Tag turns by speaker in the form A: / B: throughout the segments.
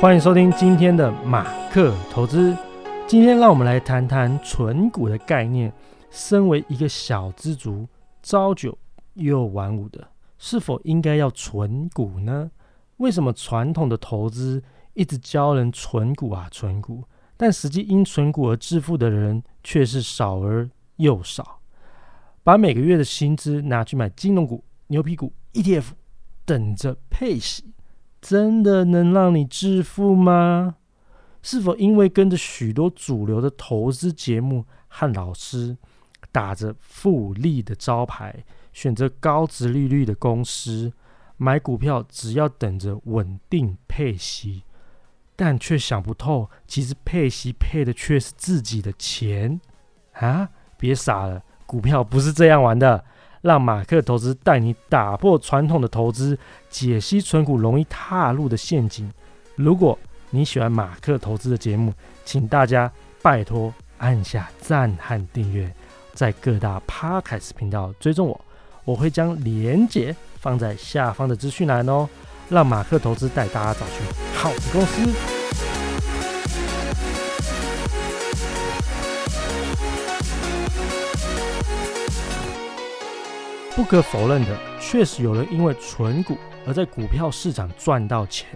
A: 歡迎收聽今天的馬克投資。今天讓我們來談談存股的概念。身為一個小資族，朝九又晚五的，是否應該要存股呢？為什麼傳統的投資一直教人存股啊存股？但實際因存股而致富的人卻是少而又少。把每個月的薪資拿去買金融股、牛皮股、ETF，等着配息。真的能讓你致富嗎？是否因為跟着許多主流的投資節目和老師，打着複利的招牌，選擇高殖利率的公司買股票，只要等着穩定配息，但卻想不透，其實配息配的卻是自己的錢啊！別傻了，股票不是這樣玩的。讓馬克投資帶你打破傳統的投資，解析存股容易踏入的陷阱。如果你喜歡馬克投資的節目，請大家拜托按下讚和訂閱，在各大 Podcast 頻道追蹤我，我會將鏈接放在下方的資訊欄哦。讓馬克投資帶大家找尋好的公司。不可否認的，確實有人因為存股而在股票市場賺到錢。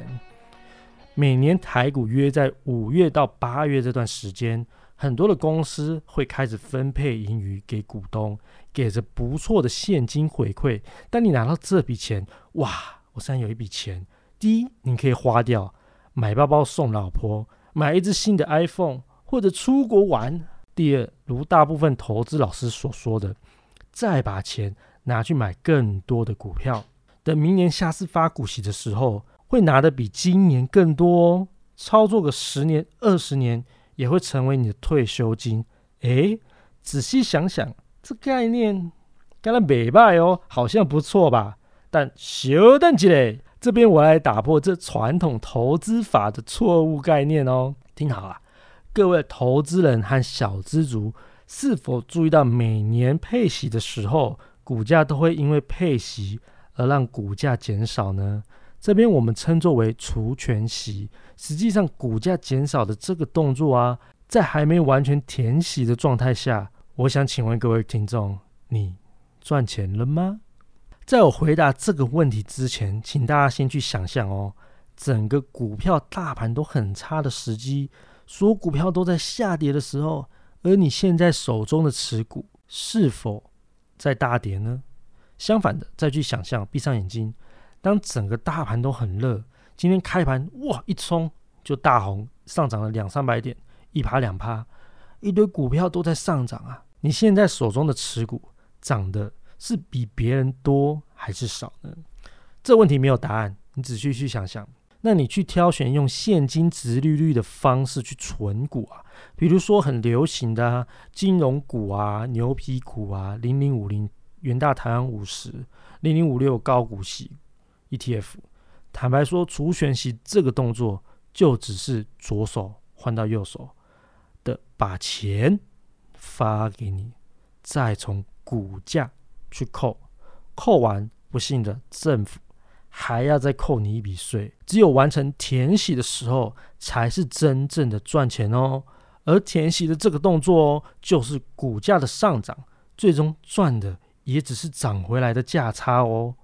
A: 每年台股約在五月到八月這段時間，很多的公司會開始分配盈餘給股東，給着不錯的現金回饋。但你拿到這筆錢，哇！我現在有一筆錢。第一，你可以花掉，買包包送老婆，買一隻新的 iPhone，或者出國玩。第二，如大部分投資老師所說的，再把錢。拿去買更多的股票，等明年下次發股息的時候，會拿得比今年更多哦。操作個十年、二十年，也會成為你的退休金。哎、欸，仔細想想，這概念看來沒敗哦，好像不錯吧？但，修正起來，這邊我來打破這傳統投資法的錯誤概念哦。聽好了，各位投資人和小資族，是否注意到每年配息的時候？股價都會因為配息而讓股價減少呢？這邊我們稱作為除權息。實際上，股價減少的這個動作啊，在還沒完全填息的狀態下，我想請問各位聽眾，你賺錢了嗎？在我回答這個問題之前，請大家先去想象哦，整個股票大盤都很差的時機，所有股票都在下跌的時候，而你現在手中的持股是否？在大跌呢？相反的，再去想象，閉上眼睛，當整個大盤都很熱，今天開盤哇，一衝就大紅，上漲了兩三百點，一趴兩趴，一堆股票都在上漲啊！你現在手中的持股漲的是比別人多還是少呢？這問題沒有答案，你仔細去想想。那你去挑選用現金殖利率的方式去存股啊，比如說很流行的，啊，金融股啊、牛皮股啊、零零五零、元大、台灣五十、零零五六高股息 ETF。坦白說，除權息這個動作，就只是左手換到右手的把錢發給你，再從股價去扣，扣完不幸的政府。還要再扣你一筆稅，只有完成填息的時候，才是真正的賺錢哦。而填息的這個動作哦，就是股價的上漲，最終賺的也只是漲回來的價差哦。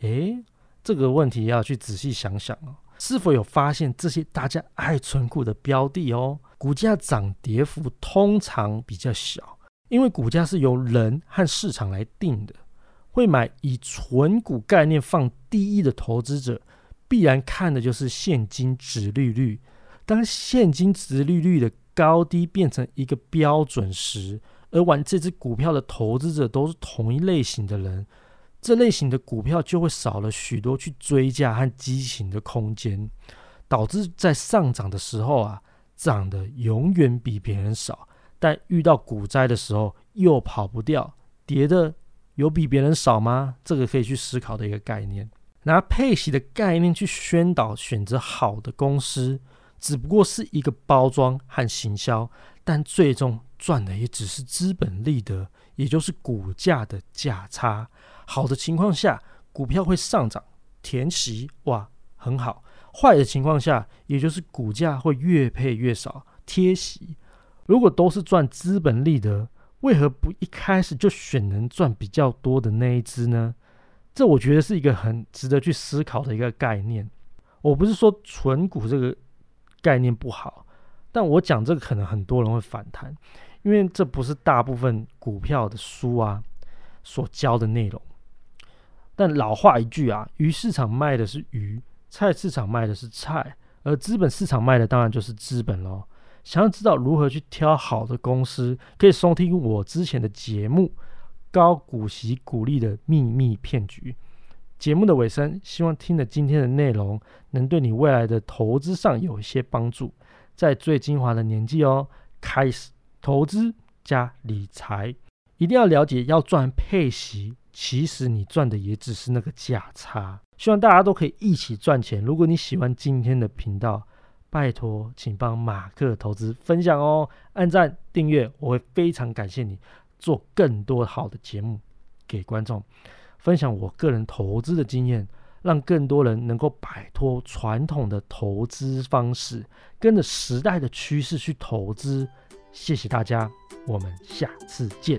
A: 誒，這個問題要去仔細想想哦。是否有發現這些大家愛存股的標的哦，股價漲跌幅通常比較小，因為股價是由人和市場來定的。會買以存股概念放第一的投資者，必然看的就是現金殖利率。當現金殖利率的高低變成一個標準時，而玩這支股票的投資者都是同一類型的人，這類型的股票就會少了許多去追加和激情的空間，導致在上漲的時候啊，漲的永遠比別人少。但遇到股災的時候，又跑不掉，跌的。有比別人少嗎？這個可以去思考的一個概念。拿配息的概念去宣導選擇好的公司，只不過是一個包裝和行銷，但最終賺的也只是資本利得，也就是股價的價差。好的情況下，股票會上漲、填息，哇，很好；壞的情況下，也就是股價會越配越少，貼息。如果都是賺資本利得，為何不一開始就選能賺比較多的那一支呢？這我覺得是一個很值得去思考的一個概念。我不是說存股這個概念不好，但我講這個可能很多人會反彈，因為這不是大部分股票的書啊所教的內容。但老話一句啊，魚市場賣的是魚，菜市場賣的是菜，而資本市場賣的當然就是資本嘍。想要知道如何去挑好的公司，可以收聽我之前的節目《高股息股利的秘密騙局》。節目的尾聲，希望聽了今天的內容，能對你未來的投資上有一些幫助。在最精華的年紀哦，開始投資加理財，一定要了解要賺配息，其實你賺的也只是那個價差。希望大家都可以一起賺錢。如果你喜歡今天的頻道，拜託，請幫馬克投資分享哦，按讚訂閱，我會非常感謝你，做更多好的節目給觀眾，分享我個人投資的經驗，讓更多人能夠擺脫傳統的投資方式，跟着時代的趨勢去投資。謝謝大家，我們下次見。